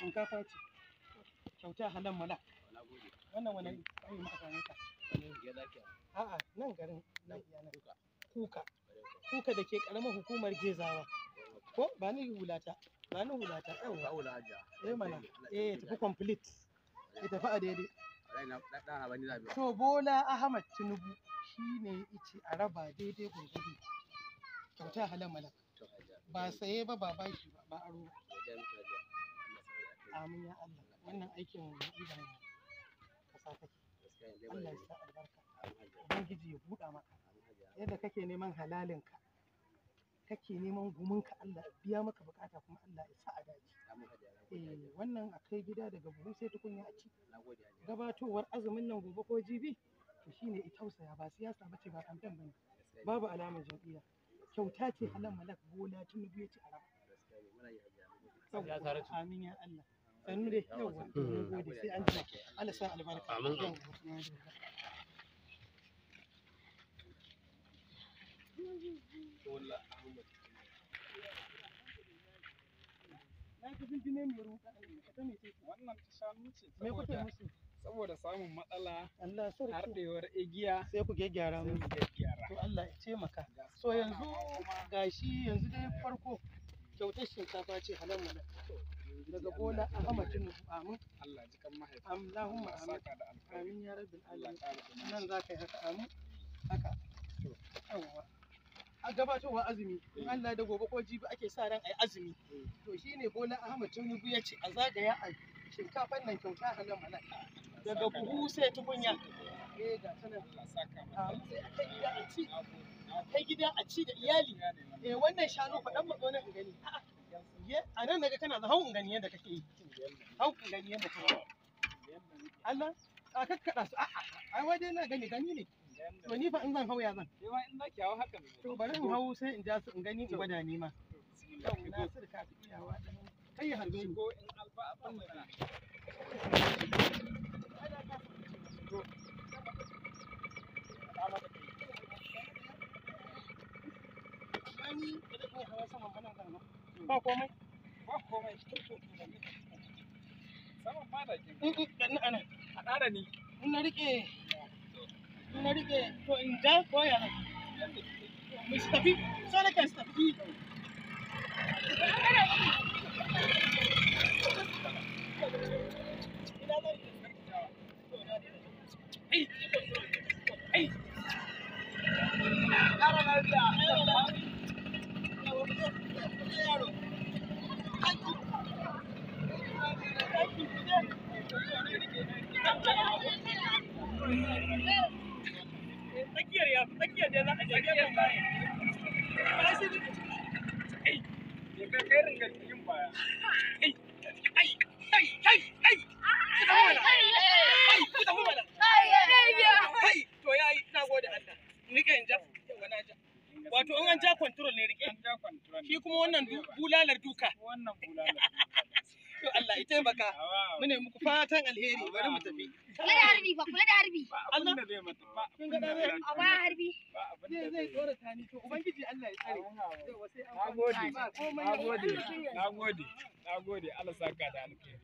an kafa ce kyauta halan mala wannan wani ayi maka ne ka a'a nan garin nan iya nan kuka kuka da ke karamar hukumar gezawa ko ba ni hulata ba ni hulata yawa eh mana eh tafi complete tafi a daidai to bola ahmad tinubu shine ice a raba daidai gurgudu kyauta halan malaka ba saye ba ba bashi ba ba aro amin ya Allah wannan aikin idan kasa take Allah ya sa albarka ubangiji ya buɗa maka yadda kake neman halalin ka kake neman gumin ka Allah ya biya maka bukata kuma Allah ya sa a daji eh wannan akai gida daga buhu sai tukunya a ci gabatowar azumin nan gobe ko jibi to shine itausaya ba siyasa bace ba kamfen bane babu alamar jam'iyya kyauta ce halar malak bola tun ya ci a raba amin ya allah sannu dai yawa mun gode sai an ji allah sa albarka amin Na yi kusurci ta mai ce, wannan ta saboda samun matsala Allah sarki hardewar igiya sai ku gyara mu to Allah ya ce maka so yanzu gashi yanzu dai eh. farko kyautar shinkafa ce halal mu daga bola Ahmad mu amin Allah ji kan mahaifa Allahumma amin amin ya rabbil alamin nan za ka yi haka amin haka yawwa a gabatowa azumi eh. in Allah da gobe ko jibi ake sa ran ayi azumi eh. to shine bola Ahmad Tinubu ya ce a zagaya a shinkafan nan kyauta halal malaka daga buhu sai ta eh ga sanar kai gida a ci da iyali eh wannan shanu faɗan matso na gani a nan naga kana da hawan gani yadda kake yi hawan gani yadda kake Allah a kakkaɗa su a'a ai waje na gani gani ne to ni fa in zan hau ya zan to bari in hau sai in ja su in gani in gwada ni ma na sirka iyawa kai harbe ni ba komai ba komai saman ke ɗan ana a ɗara ni in na in na to in ja ko ya mu tafi na tafi Hey! shi kuma wannan bulalar duka wannan bulalar Allah mune muku fatan alheri bari mu tafi kula da harbi fa kula da harbi Allah zai mata kun ga a harbi zai zai dora tani to ubangiji Allah ya tsare nagode nagode nagode Allah saka da alheri